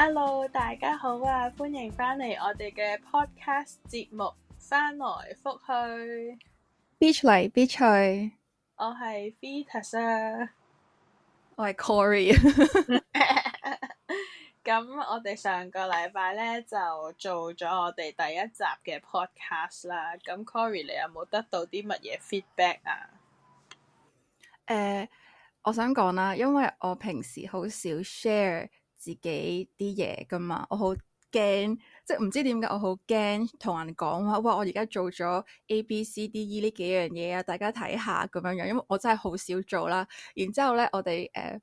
Hello，大家好啊！歡迎返嚟我哋嘅 Podcast 節目翻來覆去，Beach 嚟 Beach 去。我係 Beatrice，我係 Corey。咁 我哋上個禮拜咧就做咗我哋第一集嘅 Podcast 啦。咁 Corey，你有冇得到啲乜嘢 feedback 啊？誒，uh, 我想講啦，因為我平時好少 share。自己啲嘢㗎嘛，我好驚，即係唔知點解我好驚同人講話，哇！我而家做咗 A、B、C、D、E 呢幾樣嘢啊，大家睇下咁樣樣，因為我真係好少做啦。然之後咧，我哋誒。Uh,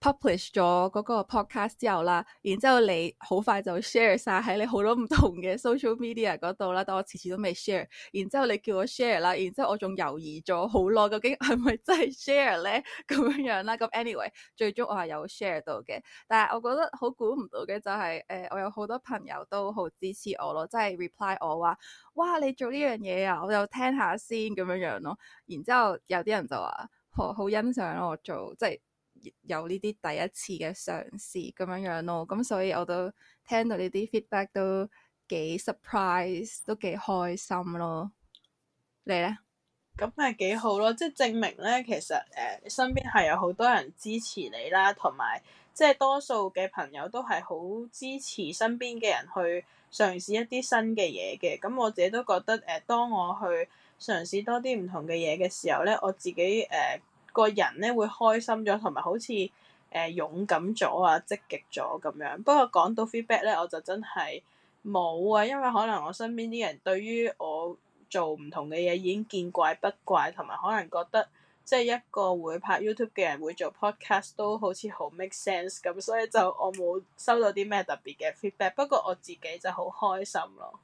publish 咗嗰個 podcast 之後啦，然之後你好快就 share 晒喺你好多唔同嘅 social media 嗰度啦，但我遲遲都未 share，然之後你叫我 share 啦，然之後我仲猶豫咗好耐，究竟係咪真係 share 咧咁樣樣啦？咁 anyway，最終我係有 share 到嘅，但係我覺得好估唔到嘅就係、是，誒、呃，我有好多朋友都好支持我咯，即係 reply 我話，哇，你做呢樣嘢啊，我又聽下先咁樣樣咯，然之後有啲人就話，我好，好欣賞我做即係。有呢啲第一次嘅嘗試咁樣樣咯，咁、嗯、所以我都聽到呢啲 feedback 都幾 surprise，都幾開心咯。你咧？咁咪幾好咯，即係證明咧，其實誒、呃、身邊係有好多人支持你啦，同埋即係多數嘅朋友都係好支持身邊嘅人去嘗試一啲新嘅嘢嘅。咁、嗯、我自己都覺得誒、呃，當我去嘗試多啲唔同嘅嘢嘅時候咧，我自己誒、呃個人咧會開心咗，同埋好似誒、呃、勇敢咗啊，積極咗咁樣。不過講到 feedback 咧，我就真係冇啊，因為可能我身邊啲人對於我做唔同嘅嘢已經見怪不怪，同埋可能覺得即係一個會拍 YouTube 嘅人會做 podcast 都好似好 make sense 咁，所以就我冇收到啲咩特別嘅 feedback。不過我自己就好開心咯。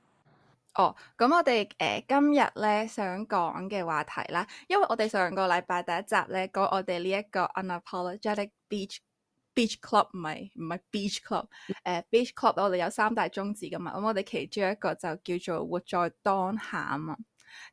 哦，咁我哋誒、呃、今日咧想講嘅話題啦，因為我哋上個禮拜第一集咧講我哋呢一個 unapologetic beach beach club，唔係唔係 beach club，誒、呃、beach club，我哋有三大宗旨噶嘛，咁我哋其中一個就叫做活在當下啊嘛，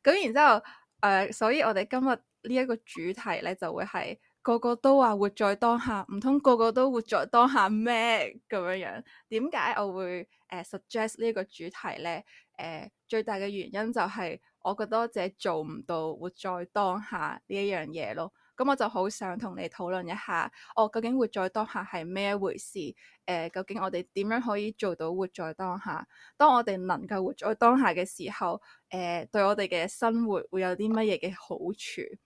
咁然之後誒、呃，所以我哋今日呢一個主題咧就會係個個都話活在當下，唔通個個都活在當下咩？咁樣樣，點解我會誒、呃、suggest 呢一個主題咧？誒最大嘅原因就係我覺得自己做唔到活在當下呢一樣嘢咯。咁我就好想同你討論一下，我、哦、究竟活在當下係咩一回事？誒、呃，究竟我哋點樣可以做到活在當下？當我哋能夠活在當下嘅時候，誒、呃、對我哋嘅生活會有啲乜嘢嘅好處？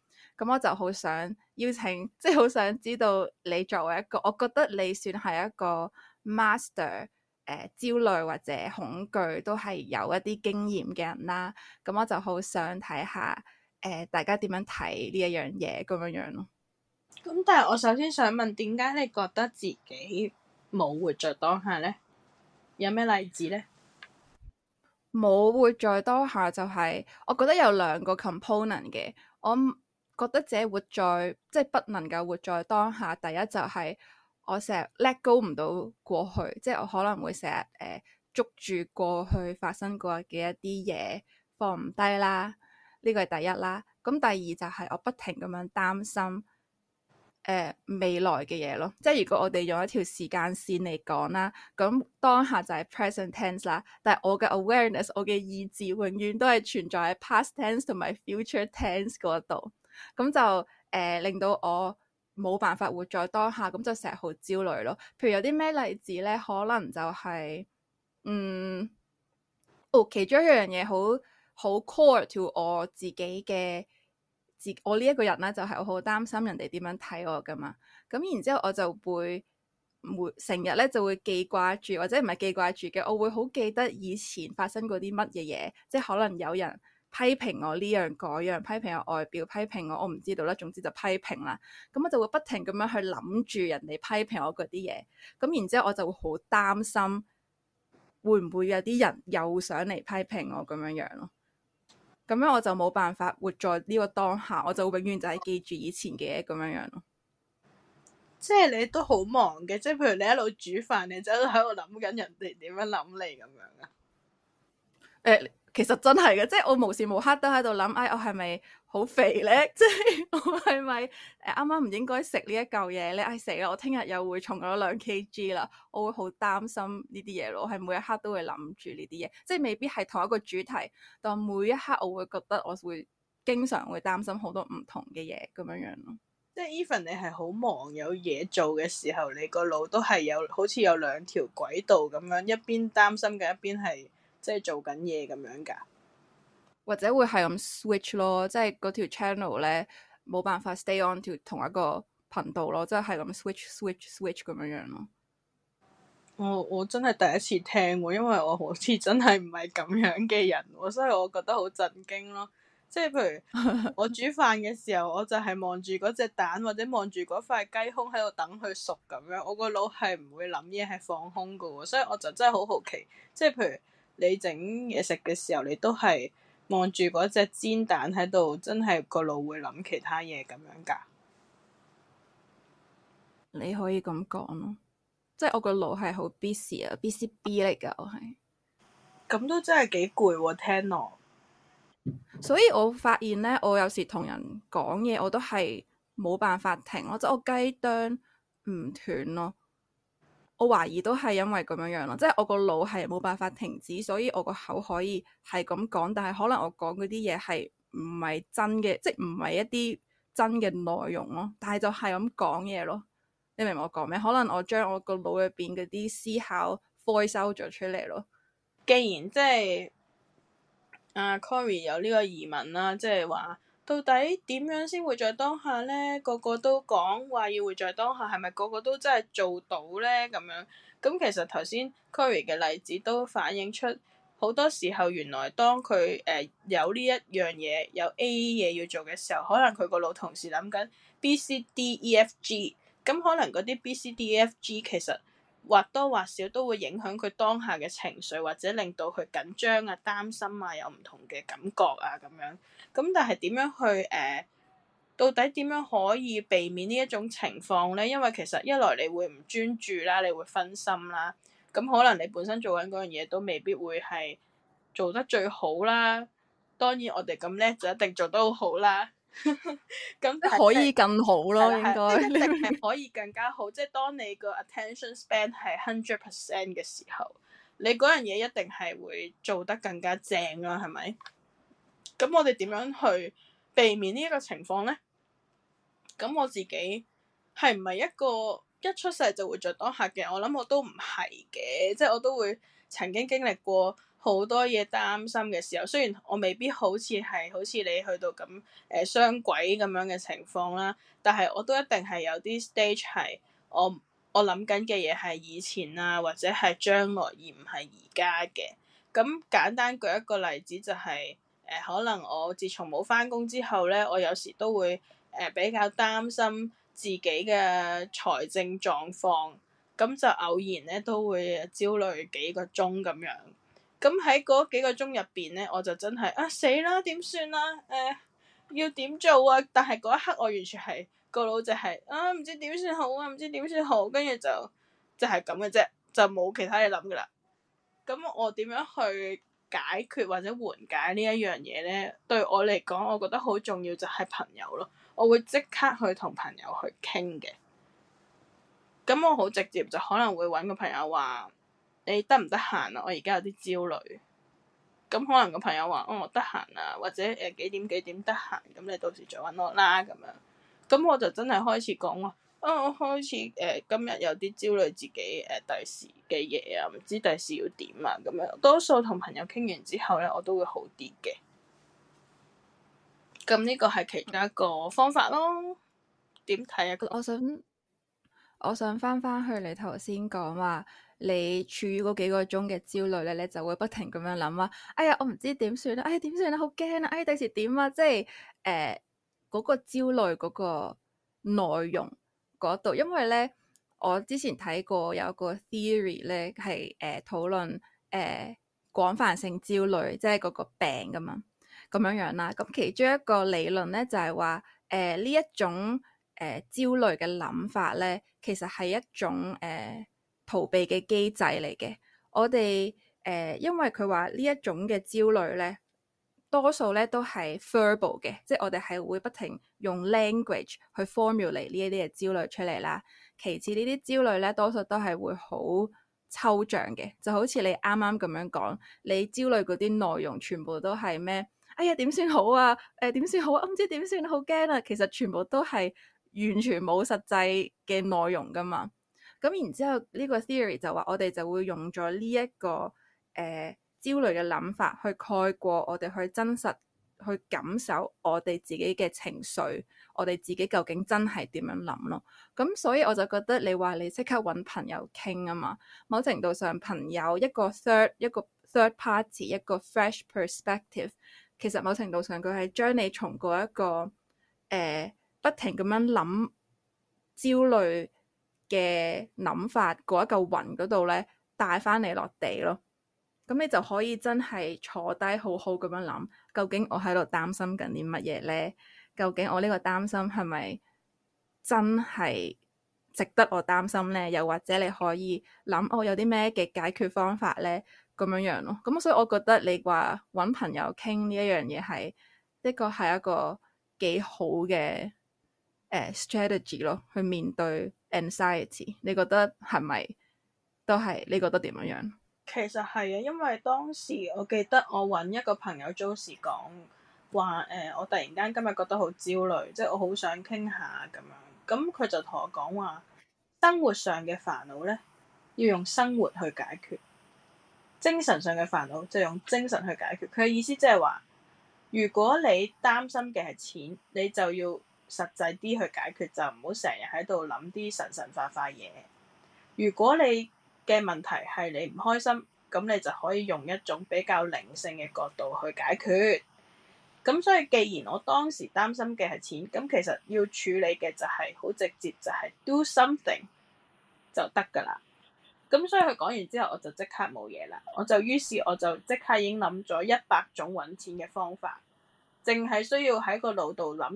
咁我就好想邀請，即係好想知道你作為一個，我覺得你算係一個 master。誒，焦慮或者恐懼都係有一啲經驗嘅人啦，咁我就好想睇下誒、呃，大家點樣睇呢一樣嘢咁樣這樣咯。咁但係我首先想問，點解你覺得自己冇活在當下呢？有咩例子呢？冇活在當下就係、是，我覺得有兩個 component 嘅，我覺得自己活在即係、就是、不能夠活在當下。第一就係、是。我成日 let go 唔到過去，即係我可能會成日誒捉住過去發生過嘅一啲嘢放唔低啦。呢個係第一啦。咁第二就係我不停咁樣擔心誒、呃、未來嘅嘢咯。即係如果我哋用一條時間線嚟講啦，咁當下就係 present tense 啦。但係我嘅 awareness、我嘅意志永遠都係存在喺 past tense 同埋 future tense 嗰度。咁就誒、呃、令到我冇辦法活在當下，咁就成日好焦慮咯。譬如有啲咩例子咧，可能就係、是、嗯，哦其中一樣嘢，好好 core to 我自己嘅，自我呢一個人咧，就係、是、我好擔心人哋點樣睇我噶嘛。咁然之後我就會唔會成日咧就會記掛住，或者唔係記掛住嘅，我會好記得以前發生過啲乜嘢嘢，即係可能有人。批評我呢樣嗰樣，批評我外表，批評我，我唔知道啦。總之就批評啦。咁我就會不停咁樣去諗住人哋批評我嗰啲嘢。咁然之後我就會好擔心，會唔會有啲人又想嚟批評我咁樣樣咯？咁樣我就冇辦法活在呢個當下，我就永遠就係記住以前嘅嘢咁樣樣咯。即係你都好忙嘅，即係譬如你一路煮飯，你就喺度諗緊人哋點樣諗你咁樣啊？誒、欸。其實真係嘅，即係我無時無刻都喺度諗，唉，我係咪好肥咧？即 係我係咪誒啱啱唔應該食呢一嚿嘢咧？唉，死啦！我聽日又會重咗兩 kg 啦，我會好擔心呢啲嘢咯。我係每一刻都會諗住呢啲嘢，即係未必係同一個主題，但每一刻我會覺得我會經常會擔心好多唔同嘅嘢咁樣樣咯。即係 even 你係好忙有嘢做嘅時候，你個腦都係有好似有兩條軌道咁樣，一邊擔心嘅，一邊係。即係做緊嘢咁樣噶，或者會係咁 switch 咯，即係嗰條 channel 咧冇辦法 stay on to 同一個頻道咯，即係係咁 switch，switch，switch 咁樣樣咯、哦。我我真係第一次聽，因為我好似真係唔係咁樣嘅人，所以我覺得好震驚咯。即係譬如 我煮飯嘅時候，我就係望住嗰隻蛋或者望住嗰塊雞胸喺度等佢熟咁樣，我個腦係唔會諗嘢係放空噶，所以我就真係好好奇，即係譬如。你整嘢食嘅時候，你都係望住嗰隻煎蛋喺度，真係個腦會諗其他嘢咁樣噶？你可以咁講咯，即係我個腦係好 busy 啊，busy bee 嚟噶，我係。咁都真係幾攰喎，聽我。所以我發現咧，我有時同人講嘢，我都係冇辦法停咯，即係我雞啄唔斷咯。我懷疑都係因為咁樣樣咯，即係我個腦係冇辦法停止，所以我個口可以係咁講，但係可能我講嗰啲嘢係唔係真嘅，即係唔係一啲真嘅內容咯，但係就係咁講嘢咯，你明唔明我講咩？可能我將我個腦入邊嗰啲思考開收咗出嚟咯。既然即係阿 Cory 有呢個疑問啦、啊，即係話。到底點樣先活在當下呢？個個都講話要活在當下，係咪個個都真係做到呢？咁樣，咁其實頭先 Kerry 嘅例子都反映出好多時候，原來當佢誒、呃、有呢一樣嘢，有 A 嘢要做嘅時候，可能佢個老同事諗緊 B、C、D、E、F、G，咁可能嗰啲 B、C、D、E、F、G 其實。或多或少都會影響佢當下嘅情緒，或者令到佢緊張啊、擔心啊，有唔同嘅感覺啊咁樣。咁但係點樣去誒、呃，到底點樣可以避免呢一種情況咧？因為其實一來你會唔專注啦，你會分心啦。咁可能你本身做緊嗰樣嘢都未必會係做得最好啦。當然我哋咁叻就一定做得好好啦。咁 可以更好咯， 應該係可以更加好。 即係當你個 attention span 係 hundred percent 嘅時候，你嗰樣嘢，一定係會做得更加正啦，啊，係咪？咁我哋點樣去避免呢一個情況咧？咁我自己係唔係一個一出世就會活在當下嘅？我諗我都唔係嘅，即係我都會曾經經歷過。好多嘢擔心嘅時候，雖然我未必好似係好似你去到咁誒雙軌咁樣嘅、呃、情況啦，但係我都一定係有啲 stage 係我我諗緊嘅嘢係以前啊，或者係將來而唔係而家嘅。咁簡單舉一個例子就係、是、誒、呃，可能我自從冇返工之後咧，我有時都會誒、呃、比較擔心自己嘅財政狀況，咁就偶然咧都會焦慮幾個鐘咁樣。咁喺嗰幾個鐘入邊咧，我就真係啊死啦點算啦？呃，誒要點做啊！但係嗰一刻我完全係個腦就係啊唔知點算好啊，唔知點算好，跟住就就係咁嘅啫，就冇其他嘢諗噶啦。咁我點樣去解決或者緩解呢一樣嘢咧？對我嚟講，我覺得好重要就係朋友咯。我會即刻去同朋友去傾嘅。咁我好直接就可能會揾個朋友話。你得唔得閒啊？我而家有啲焦慮，咁可能個朋友話哦，得閒啊，或者誒、呃、幾點幾點得閒，咁你到時再搵我啦咁樣。咁我就真係開始講話，啊、哦、我開始誒、呃、今日有啲焦慮，自己誒第時嘅嘢啊，唔知第時要點啊咁樣。多數同朋友傾完之後咧，我都會好啲嘅。咁呢個係其中一個方法咯。點睇啊？我想我想翻返去你頭先講話。你處於嗰幾個鐘嘅焦慮咧，你就會不停咁樣諗啊，哎呀，我唔知點算啦，哎呀，點算啊，好驚啊！哎，第時點啊？即係誒嗰個焦慮嗰個內容嗰度，因為咧，我之前睇過有個 theory 咧，係誒、呃、討論誒、呃、廣泛性焦慮，即係嗰個病㗎嘛，咁樣樣啦。咁、嗯、其中一個理論咧就係、是、話，誒、呃、呢一種誒、呃、焦慮嘅諗法咧，其實係一種誒。呃逃避嘅機制嚟嘅。我哋誒、呃，因為佢話呢一種嘅焦慮咧，多數咧都係 verbal 嘅，即係我哋係會不停用 language 去 formulate 呢一啲嘅焦慮出嚟啦。其次，慮呢啲焦慮咧多數都係會好抽象嘅，就好似你啱啱咁樣講，你焦慮嗰啲內容全部都係咩？哎呀，點算好啊？誒、呃，點算好啊？唔知點算好驚啊！其實全部都係完全冇實際嘅內容㗎嘛。咁然之後，呢個 theory 就話我哋就會用咗呢一個誒、呃、焦慮嘅諗法去蓋過我哋去真實去感受我哋自己嘅情緒，我哋自己究竟真係點樣諗咯。咁所以我就覺得你話你即刻揾朋友傾啊嘛，某程度上朋友一個 third 一個 third party 一個 fresh perspective，其實某程度上佢係將你從過一個誒、呃、不停咁樣諗焦慮。嘅諗法，嗰一嚿雲嗰度咧，帶翻嚟落地咯。咁你就可以真係坐低，好好咁樣諗，究竟我喺度擔心緊啲乜嘢咧？究竟我呢個擔心係咪真係值得我擔心咧？又或者你可以諗，我、哦、有啲咩嘅解決方法咧？咁樣樣咯。咁所以我覺得你話揾朋友傾呢一樣嘢係一個係一個幾好嘅。誒，strategy 咯，去面對 anxiety，你覺得係咪都係？你覺得點樣樣？其實係啊，因為當時我記得我揾一個朋友，當時講話，誒，我突然間今日覺得好焦慮，即係我好想傾下咁樣。咁佢就同我講話，生活上嘅煩惱呢，要用生活去解決，精神上嘅煩惱就用精神去解決。佢嘅意思即係話，如果你擔心嘅係錢，你就要。實際啲去解決，就唔好成日喺度諗啲神神化化嘢。如果你嘅問題係你唔開心，咁你就可以用一種比較靈性嘅角度去解決。咁所以，既然我當時擔心嘅係錢，咁其實要處理嘅就係好直接，就係 do something 就得㗎啦。咁所以佢講完之後，我就即刻冇嘢啦。我就於是我就即刻已經諗咗一百種揾錢嘅方法，淨係需要喺個腦度諗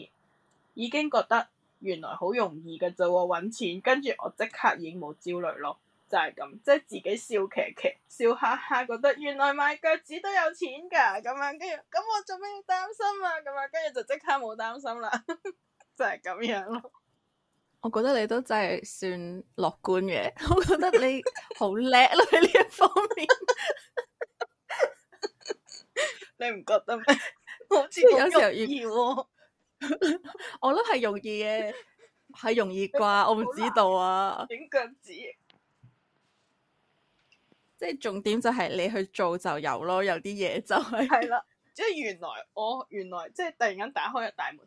一次。已經覺得原來好容易嘅，就我揾錢，跟住我即刻已經冇焦慮咯，就係咁，即係自己笑騎騎笑哈哈，覺得原來賣腳趾都有錢噶，咁樣，跟住咁我做咩要擔心啊？咁 樣跟住就即刻冇擔心啦，就係咁樣咯。我覺得你都真係算樂觀嘅，我覺得你好叻咯喺呢一方面， 你唔覺得咩？ 我好似好容易喎。 我諗係容易嘅，係 容易啩。 難我唔知道啊。點腳趾，即係重點就係你去做就有咯。有啲嘢就係係啦，即係原來我原來即係突然間打開咗大門，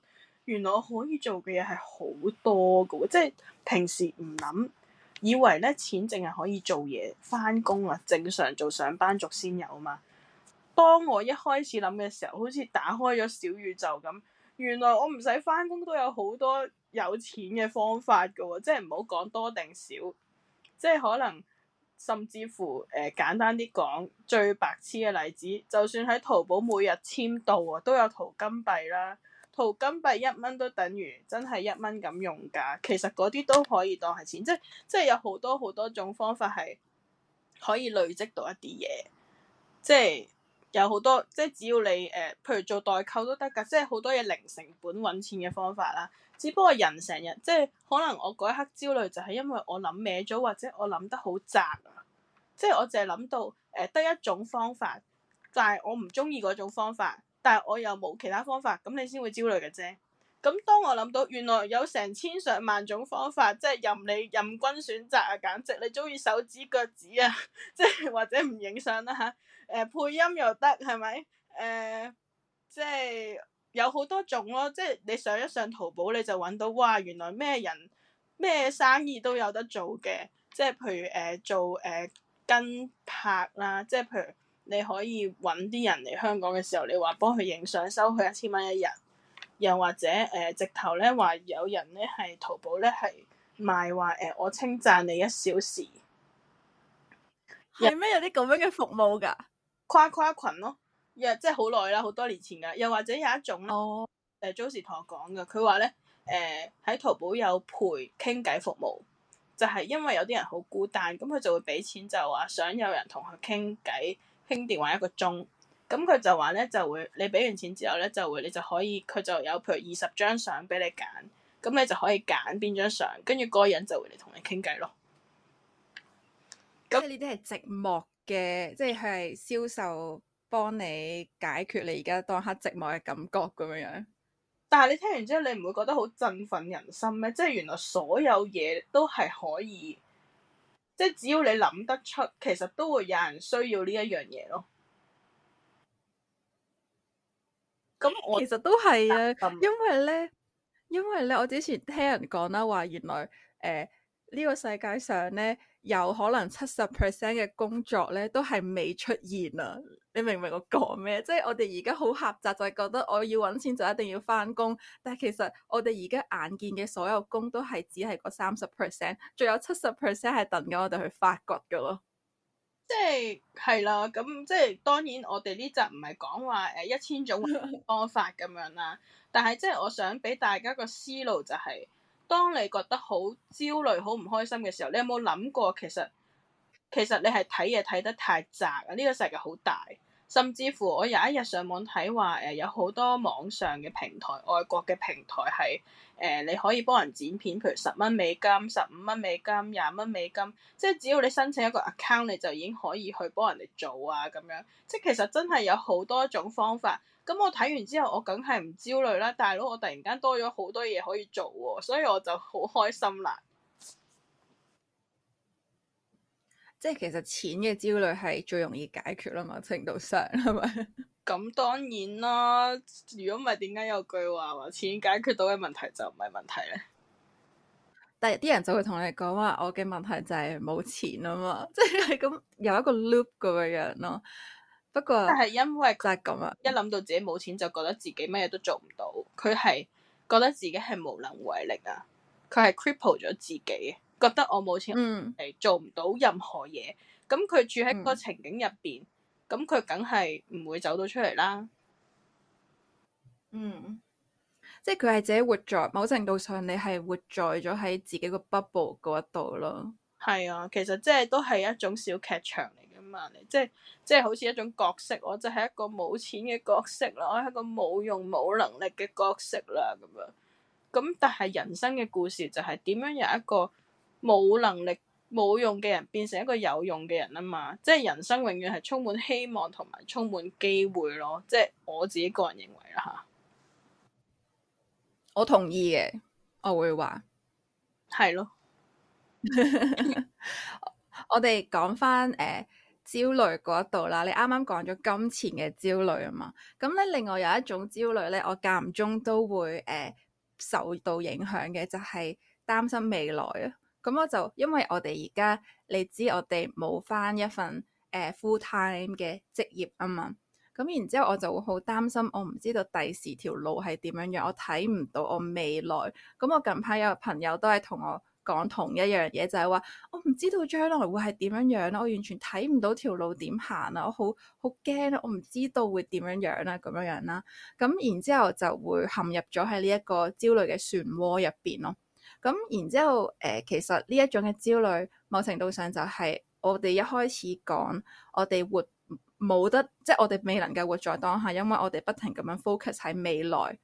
原來我可以做嘅嘢係好多噶。即係平時唔諗，以為咧錢淨係可以做嘢，翻工啊，正常做上班族先有嘛。當我一開始諗嘅時候，好似打開咗小宇宙咁。原來我唔使返工都有好多有錢嘅方法㗎喎，哦，即係唔好講多定少，即係可能甚至乎誒、呃、簡單啲講最白痴嘅例子，就算喺淘寶每日簽到啊都有淘金幣啦，淘金幣一蚊都等於真係一蚊咁用㗎，其實嗰啲都可以當係錢，即即係有好多好多種方法係可以累積到一啲嘢，即係。有好多即係只要你誒、呃，譬如做代購都得噶，即係好多嘢零成本揾錢嘅方法啦。只不過人成日即係可能我嗰一刻焦慮就係因為我諗歪咗，或者我諗得好窄啊。即係我淨係諗到誒得、呃、一種方法，但係我唔中意嗰種方法，但係我又冇其他方法，咁你先會焦慮嘅啫。咁當我諗到，原來有成千上萬種方法，即係任你任君選擇啊！簡直你鍾意手指腳趾啊，即係或者唔影相啦嚇，誒、呃、配音又得係咪？誒、呃，即係有好多種咯，即係你上一上淘寶你就揾到，哇！原來咩人咩生意都有得做嘅，即係譬如誒、呃、做誒、呃、跟拍啦，即係譬如你可以揾啲人嚟香港嘅時候，你話幫佢影相，收佢一千蚊一日。又或者誒，呃、直頭咧話有人咧係淘寶咧係賣話誒、呃，我稱讚你一小時，有咩有啲咁樣嘅服務㗎？誇誇群咯，即係好耐啦，好多年前㗎。又或者有一種咧，誒 Josi 同我講嘅，佢話咧誒喺淘寶有陪傾偈服務，就係、是、因為有啲人好孤單，咁佢就會俾錢就話想有人同佢傾偈傾電話一個鐘。咁佢就話咧，就會你俾完錢之後咧，就會你就可以，佢就有譬如二十張相俾你揀，咁你就可以揀邊張相，跟住個人就會嚟同你傾偈咯。咁呢啲係寂寞嘅，即係佢係銷售幫你解決你而家當刻寂寞嘅感覺咁樣樣。但係你聽完之後，你唔會覺得好振奮人心咩？即係原來所有嘢都係可以，即係只要你諗得出，其實都會有人需要呢一樣嘢咯。咁其實都係啊，因為咧，因為咧，我之前聽人講啦，話原來誒呢、呃這個世界上咧，有可能七十 percent 嘅工作咧，都係未出現啊！你明唔明我講咩？即係我哋而家好狹窄，就係、是、覺得我要搵錢就一定要翻工，但係其實我哋而家眼見嘅所有工都是是，都係只係嗰三十 percent，仲有七十 percent 係等緊我哋去發掘噶咯。即係係啦，咁即係當然我哋呢集唔係講話誒一千種方法咁樣啦，但係即係我想俾大家個思路就係，當你覺得好焦慮、好唔開心嘅時候，你有冇諗過其實其實你係睇嘢睇得太窄啊？呢個世界好大，甚至乎我有一日上網睇話誒，有好多網上嘅平台、外國嘅平台係。誒、呃，你可以幫人剪片，譬如十蚊美金、十五蚊美金、廿蚊美金，即係只要你申請一個 account，你就已經可以去幫人哋做啊咁樣。即係其實真係有好多種方法。咁我睇完之後，我梗係唔焦慮啦。大佬，我突然間多咗好多嘢可以做喎，啊，所以我就好開心啦。即係其實錢嘅焦慮係最容易解決啦嘛，程度上係咪？ 咁當然啦，如果唔係，點解有句話話錢解決到嘅問題就唔係問題咧？但係啲人就會同你講話，我嘅問題就係冇錢啊嘛，即係咁有一個 loop 咁樣樣咯。不過，但係因為就係咁啊！一諗到自己冇錢，就覺得自己乜嘢都做唔到，佢係、嗯、覺得自己係無能為力啊！佢係、嗯、cripple 咗自己，覺得我冇錢，嗯，係做唔到任何嘢。咁佢住喺個情景入邊。嗯嗯咁佢梗係唔會走到出嚟啦。嗯，即係佢係自己活在，某程度上你係活在咗喺自己個 bubble 嗰度咯。係啊，其實即係都係一種小劇場嚟噶嘛，即係即係好似一種角色，我就係一個冇錢嘅角色啦，我係一個冇用冇能力嘅角色啦，咁樣。咁但係人生嘅故事就係點樣有一個冇能力。冇用嘅人變成一個有用嘅人啊嘛！即係人生永遠係充滿希望同埋充滿機會咯，即係我自己個人認為啦吓。我同意嘅，我會話係咯。我哋講翻誒焦慮嗰一度啦，你啱啱講咗金錢嘅焦慮啊嘛，咁咧另外有一種焦慮咧，我間唔中都會誒、呃、受到影響嘅，就係、是、擔心未來啊。咁我就因為我哋而家你知，我哋冇返一份誒、呃、full time 嘅職業啊嘛。咁、嗯、然之後，我就會好擔心我，我唔知道第時條路係點樣樣，我睇唔到我未來。咁我近排有個朋友都係同我講同一樣嘢，就係、是、話我唔知道將來會係點樣樣，我完全睇唔到條路點行啊，我好好驚啊，我唔知道會點樣樣啦，咁樣樣啦。咁然之後就會陷入咗喺呢一個焦慮嘅漩渦入邊咯。咁然之後，誒、其實呢一種嘅焦慮，某程度上就係我哋一開始講，我哋活冇得，即係我哋未能夠活在當下，因為我哋不停咁樣 focus 喺未來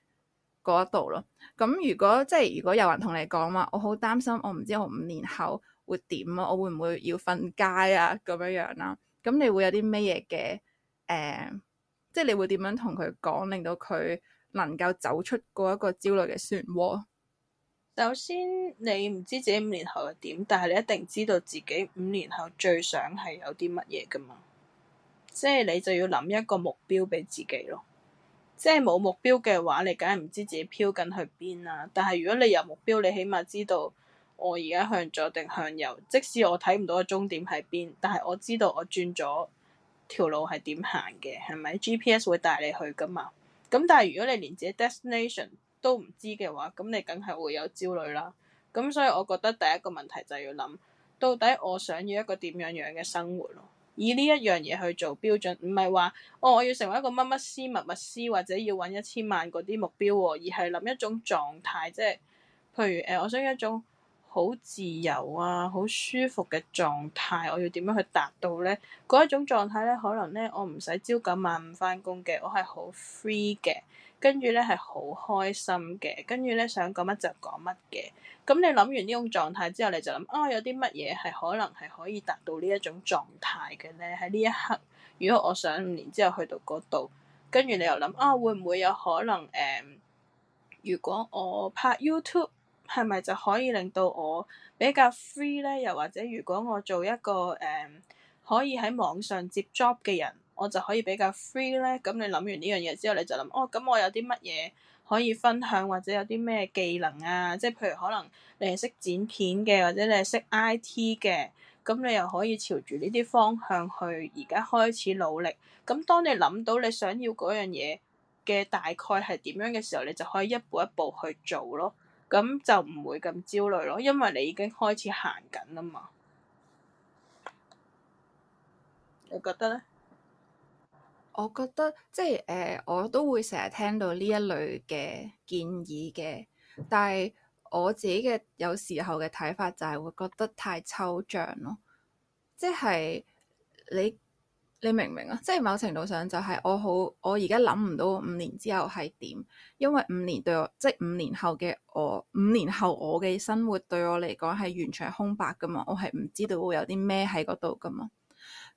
嗰一度咯。咁如果即係如果有人同你講話，我好擔心，我唔知我五年後會點啊，我會唔會要瞓街啊咁樣樣啦？咁你會有啲咩嘢嘅誒？Uh, 即係你會點樣同佢講，令到佢能夠走出嗰一個焦慮嘅漩渦？首先，你唔知自己五年後係點，但係你一定知道自己五年後最想係有啲乜嘢噶嘛？即係你就要諗一個目標俾自己咯。即係冇目標嘅話，你梗係唔知自己飄緊去邊啦。但係如果你有目標，你起碼知道我而家向左定向右。即使我睇唔到個終點喺邊，但係我知道我轉咗條路係點行嘅，係咪？GPS 會帶你去噶嘛？咁但係如果你連自己 destination 都唔知嘅話，咁你梗係會有焦慮啦。咁所以我覺得第一個問題就係要諗到底我想要一個點樣樣嘅生活咯。以呢一樣嘢去做標準，唔係話哦我要成為一個乜乜私密密私或者要搵一千萬嗰啲目標喎，而係諗一種狀態，即係譬如誒、呃，我想要一種好自由啊、好舒服嘅狀態，我要點樣去達到呢？嗰一種狀態呢，可能呢，我唔使朝九晚五返工嘅，我係好 free 嘅。跟住咧係好開心嘅，跟住咧想講乜就講乜嘅。咁你諗完呢種狀態之後，你就諗啊，有啲乜嘢係可能係可以達到狀態呢一種狀態嘅咧？喺呢一刻，如果我想五年之後去到嗰度，跟住你又諗啊，會唔會有可能誒、呃，如果我拍 YouTube，係咪就可以令到我比較 free 咧？又或者如果我做一個誒、呃、可以喺網上接 job 嘅人，我就可以比較 free 咧，咁你諗完呢樣嘢之後，你就諗哦，咁我有啲乜嘢可以分享，或者有啲咩技能啊？即係譬如可能你係識剪片嘅，或者你係識 IT 嘅，咁你又可以朝住呢啲方向去而家開始努力。咁當你諗到你想要嗰樣嘢嘅大概係點樣嘅時候，你就可以一步一步去做咯。咁就唔會咁焦慮咯，因為你已經開始行緊啦嘛。你覺得咧？我覺得即係誒、呃，我都會成日聽到呢一類嘅建議嘅，但係我自己嘅有時候嘅睇法就係會覺得太抽象咯，即係你你明唔明啊？即係某程度上就係我好，我而家諗唔到五年之後係點，因為五年對我即係五年後嘅我，五年後我嘅生活對我嚟講係完全空白㗎嘛，我係唔知道會有啲咩喺嗰度㗎嘛。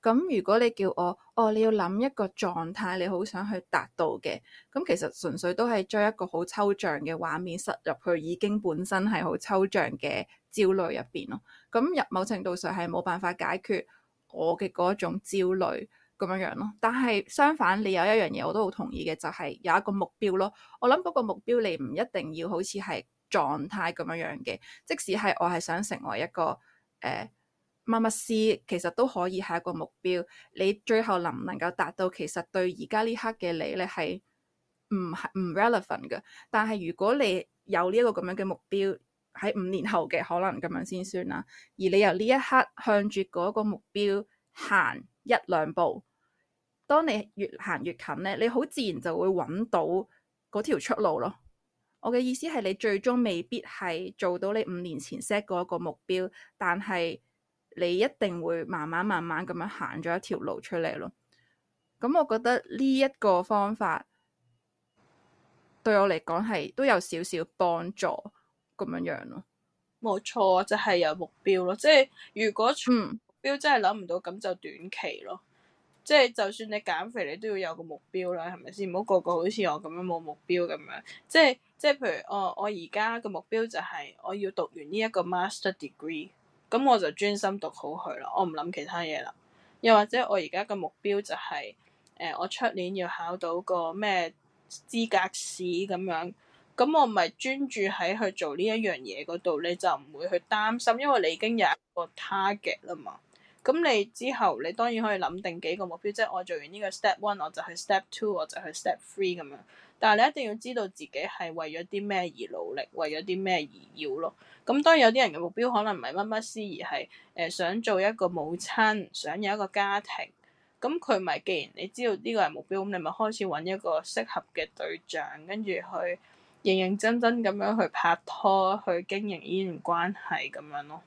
咁如果你叫我，哦，你要諗一個狀態，你好想去達到嘅，咁其實純粹都係將一個好抽象嘅畫面塞入去已經本身係好抽象嘅焦慮入邊咯。咁入某程度上係冇辦法解決我嘅嗰種焦慮咁樣樣咯。但係相反，你有一樣嘢我都好同意嘅，就係、是、有一個目標咯。我諗嗰個目標你唔一定要好似係狀態咁樣樣嘅，即使係我係想成為一個，誒、呃。默默試其實都可以係一個目標。你最後能唔能夠達到，其實對而家呢刻嘅你咧，係唔唔 relevant 噶但係如果你有呢一個咁樣嘅目標喺五年後嘅可能咁樣先算啦。而你由呢一刻向住嗰個目標行一兩步，當你越行越近咧，你好自然就會揾到嗰條出路咯。我嘅意思係你最終未必係做到你五年前 set 嗰個目標，但係。你一定會慢慢慢慢咁樣行咗一條路出嚟咯。咁、嗯嗯、我覺得呢一個方法對我嚟講係都有少少幫助咁樣樣咯。冇錯就係、是、有目標咯。即係如果目標真係諗唔到，咁就短期咯。即係就算你減肥，你都要有個目標啦，係咪先？唔好個個好似我咁樣冇目標咁樣。即係即係，譬如、哦、我我而家個目標就係、是、我要讀完呢一個 master degree。咁我就專心讀好佢啦，我唔諗其他嘢啦。又或者我而家嘅目標就係、是、誒、呃，我出年要考到個咩資格試咁樣，咁我咪專注喺去做呢一樣嘢嗰度，你就唔會去擔心，因為你已經有一個 target 啦嘛。咁你之後你當然可以諗定幾個目標，即係我做完呢個 step one，我就去 step two，我就去 step three 咁樣。但係你一定要知道自己係為咗啲咩而努力，為咗啲咩而要咯。咁當然有啲人嘅目標可能唔係乜乜思，而係誒、呃、想做一個母親，想有一個家庭。咁佢咪既然你知道呢個係目標，咁你咪開始揾一個適合嘅對象，跟住去認認真真咁樣去拍拖，去經營呢段關係咁樣咯。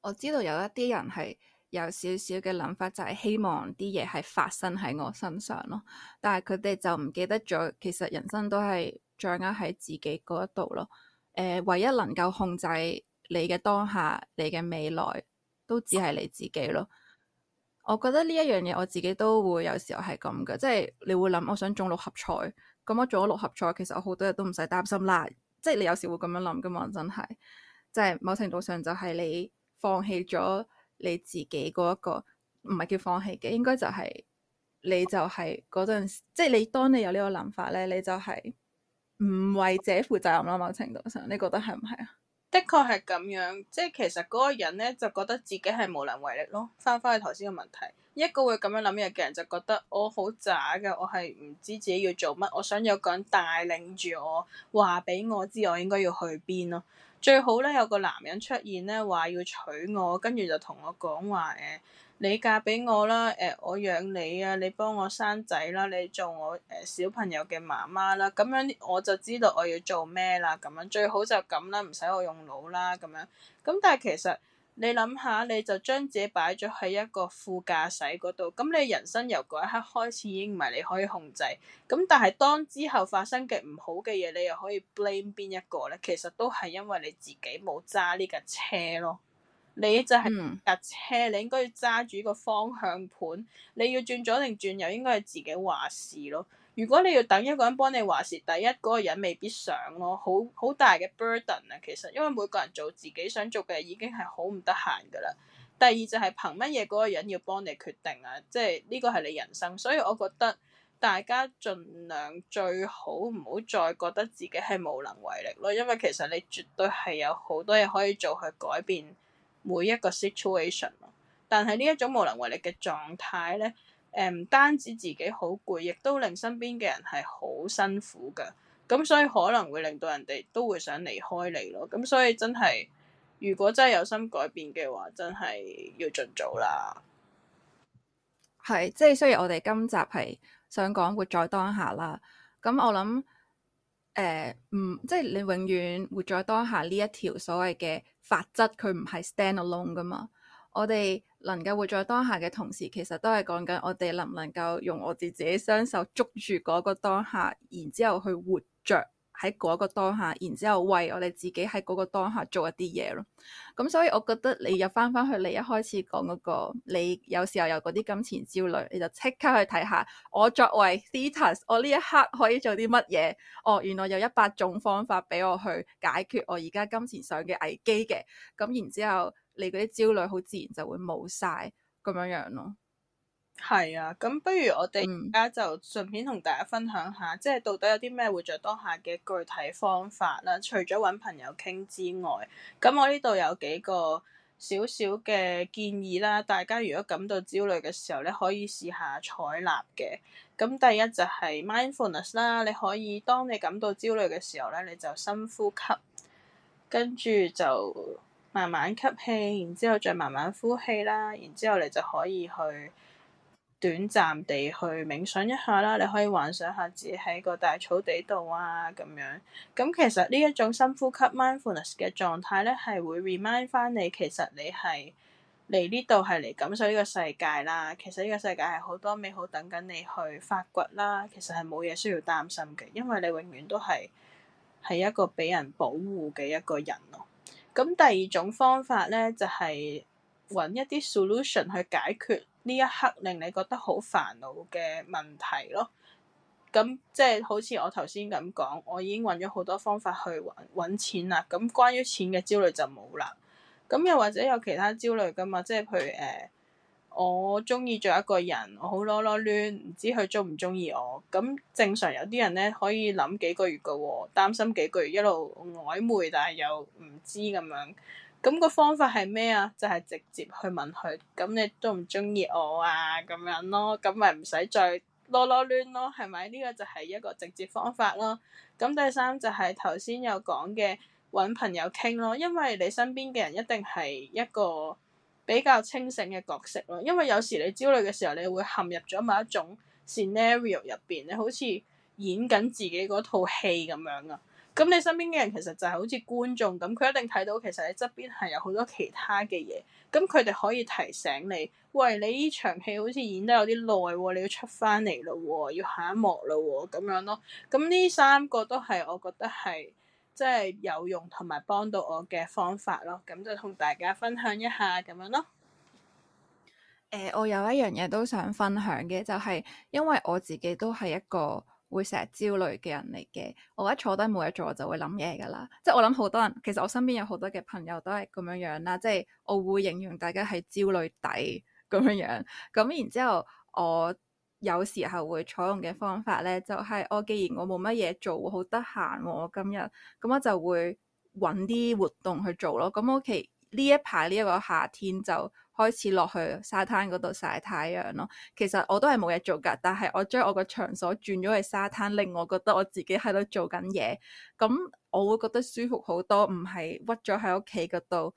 我知道有一啲人係。有少少嘅諗法，就係希望啲嘢係發生喺我身上咯。但係佢哋就唔記得咗，其實人生都係掌握喺自己嗰度咯。誒、呃，唯一能夠控制你嘅當下、你嘅未來，都只係你自己咯。我覺得呢一樣嘢，我自己都會有時候係咁噶，即係你會諗，我想中六合彩，咁我中咗六合彩，其實我好多日都唔使擔心啦。即係你有時會咁樣諗噶嘛，真係，即係某程度上就係你放棄咗。你自己嗰一個唔係叫放棄嘅，應該就係，你就係嗰陣時，即係你當你有呢個諗法咧，你就係唔為自己負責任咯，某程度上，你覺得係唔係啊？的確係咁樣，即係其實嗰個人咧就覺得自己係無能為力咯。翻返去頭先嘅問題，一個會咁樣諗嘅人就覺得我好渣嘅，我係唔知自己要做乜，我想有個人帶領住我，話俾我知我應該要去邊咯。最好咧有個男人出現咧話要娶我，跟住就同我講話誒、呃，你嫁俾我啦，誒、呃、我養你啊，你幫我生仔啦，你做我誒、呃、小朋友嘅媽媽啦，咁樣我就知道我要做咩啦，咁樣最好就咁啦，唔使我用腦啦，咁樣，咁但係其實。你諗下，你就將自己擺咗喺一個副駕駛嗰度，咁你人生由嗰一刻開始已經唔係你可以控制。咁但係當之後發生嘅唔好嘅嘢，你又可以 blame 邊一個咧？其實都係因為你自己冇揸呢架車咯。你就係架車，你應該要揸住個方向盤，你要轉左定轉右，應該係自己話事咯。如果你要等一個人幫你話事，第一嗰個人未必想咯，好好大嘅 burden 啊，其實因為每個人做自己想做嘅已經係好唔得閒噶啦。第二就係憑乜嘢嗰個人要幫你決定啊？即係呢個係你人生，所以我覺得大家儘量最好唔好再覺得自己係無能為力咯，因為其實你絕對係有好多嘢可以做去改變每一個 situation。但係呢一種無能為力嘅狀態咧～唔、um, 單止自己好攰，亦都令身邊嘅人係好辛苦嘅。咁所以可能會令到人哋都會想離開你咯。咁所以真係，如果真係有心改變嘅話，真係要盡早啦。係，即係雖然我哋今集係想講活在當下啦。咁我諗誒，唔、呃、即係你永遠活在當下呢一條所謂嘅法則，佢唔係 stand alone 噶嘛。我哋。能夠活在當下嘅同時，其實都係講緊我哋能唔能夠用我哋自己雙手捉住嗰個當下，然之後去活著喺嗰個當下，然之後為我哋自己喺嗰個當下做一啲嘢咯。咁所以，我覺得你入翻翻去你一開始講嗰個，你有時候有嗰啲金錢焦慮，你就即刻去睇下，我作為 Stithus，我呢一刻可以做啲乜嘢？哦，原來有一百種方法俾我去解決我而家金錢上嘅危機嘅。咁然之後。你嗰啲焦慮好自然就會冇晒，咁樣樣咯。係啊，咁不如我哋而家就順便同大家分享下，嗯、即係到底有啲咩活在當下嘅具體方法啦。除咗揾朋友傾之外，咁我呢度有幾個小小嘅建議啦。大家如果感到焦慮嘅時候咧，可以試下採納嘅。咁第一就係 mindfulness 啦，你可以當你感到焦慮嘅時候咧，你就深呼吸，跟住就。慢慢吸氣，然之後再慢慢呼氣啦，然之後你就可以去短暫地去冥想一下啦。你可以幻想下自己喺個大草地度啊咁樣。咁其實呢一種深呼吸 mindfulness 嘅狀態咧，係會 remind 翻你，其實你係嚟呢度係嚟感受呢個世界啦。其實呢個世界係好多美好等緊你去發掘啦。其實係冇嘢需要擔心嘅，因為你永遠都係係一個俾人保護嘅一個人咯。咁第二種方法咧，就係、是、揾一啲 solution 去解決呢一刻令你覺得好煩惱嘅問題咯。咁即係好似我頭先咁講，我已經揾咗好多方法去揾揾錢啦。咁關於錢嘅焦慮就冇啦。咁又或者有其他焦慮噶嘛？即係譬如誒。呃我中意咗一個人，我好囉囉攣，唔知佢中唔中意我。咁正常有啲人咧可以諗幾個月㗎喎，擔心幾個月一路曖昧，但係又唔知咁樣。咁個方法係咩啊？就係、係、直接去問佢，咁你中唔中意我啊？咁樣咯，咁咪唔使再囉囉攣咯，係咪？呢、呢個就係一個直接方法咯。咁第三就係頭先有講嘅搵朋友傾咯，因為你身邊嘅人一定係一個。比較清醒嘅角色咯，因為有時你焦慮嘅時候，你會陷入咗某一種 scenario 入邊，你好似演緊自己嗰套戲咁樣啊。咁你身邊嘅人其實就係好似觀眾，咁佢一定睇到其實你側邊係有好多其他嘅嘢，咁佢哋可以提醒你，喂，你呢場戲好似演得有啲耐喎，你要出翻嚟咯，要下一幕咯，咁樣咯。咁呢三個都係我覺得係。即係有用同埋幫到我嘅方法咯，咁就同大家分享一下咁樣咯。誒、呃，我有一樣嘢都想分享嘅，就係、是、因為我自己都係一個會成日焦慮嘅人嚟嘅。我一坐低冇嘢做，我就會諗嘢噶啦。即係我諗好多人，人其實我身邊有好多嘅朋友都係咁樣樣啦。即係我會形容大家係焦慮底咁樣樣。咁然之後我有時候會採用嘅方法咧，就係我既然我冇乜嘢做，好得閒喎今日，咁我就會揾啲活動去做咯。咁我其呢一排呢一個夏天就開始落去沙灘嗰度曬太陽咯。其實我都係冇嘢做噶，但係我將我個場所轉咗去沙灘，令我覺得我自己喺度做緊嘢，咁我會覺得舒服好多，唔係屈咗喺屋企嗰度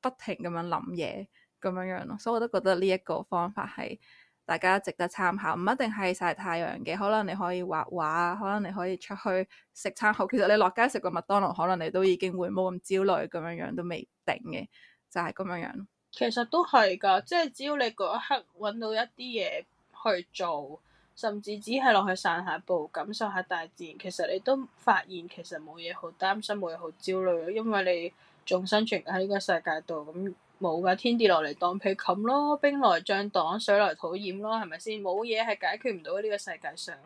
不停咁樣諗嘢咁樣樣咯。所以我都覺得呢一個方法係大家值得參考，唔一定係曬太陽嘅，可能你可以畫畫，可能你可以出去食餐好。其實你落街食個麥當勞，可能你都已經會冇咁焦慮咁樣樣，都未定嘅，就係咁樣樣。其實都係㗎，即係只要你嗰一刻揾到一啲嘢去做，甚至只係落去散下步，感受下大自然，其實你都發現其實冇嘢好擔心，冇嘢好焦慮，因為你仲生存喺呢個世界度咁。冇㗎，天跌落嚟當被冚咯，兵來將擋，水來土掩咯，係咪先？冇嘢係解決唔到呢個世界上，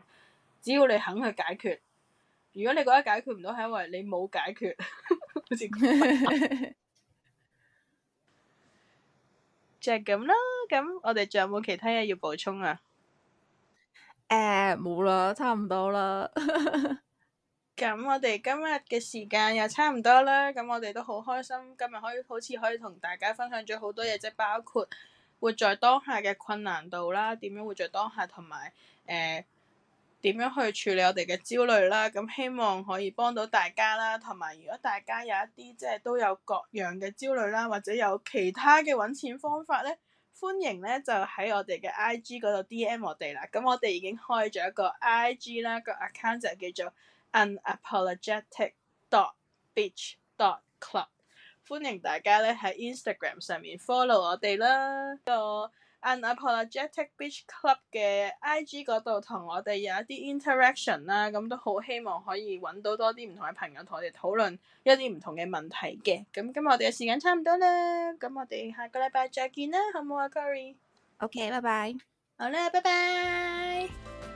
只要你肯去解決。如果你覺得解決唔到，係因為你冇解決。即係咁啦，咁我哋仲有冇其他嘢要補充啊？誒，冇啦，差唔多啦。 咁我哋今日嘅時間又差唔多啦，咁我哋都好開心，今日可以好似可以同大家分享咗好多嘢，即包括活在當下嘅困難度啦，點樣活在當下，同埋誒點樣去處理我哋嘅焦慮啦。咁希望可以幫到大家啦，同埋如果大家有一啲即係都有各樣嘅焦慮啦，或者有其他嘅揾錢方法咧，歡迎咧就喺我哋嘅 I G 嗰度 D M 我哋啦。咁我哋已經開咗一個 I G 啦，個 account 就叫做，Unapologetic.beach.club，歡迎大家咧喺 Instagram 上面 follow 我哋啦。個 Unapologetic Beach Club 嘅 IG 嗰度同我哋有一啲 interaction 啦，咁都好希望可以揾到多啲唔同嘅朋友同我哋討論一啲唔同嘅問題嘅。咁今日我哋嘅時間差唔多啦，咁我哋下個禮拜再見啦，好唔好啊，Curry？OK，拜拜。好啦，拜拜。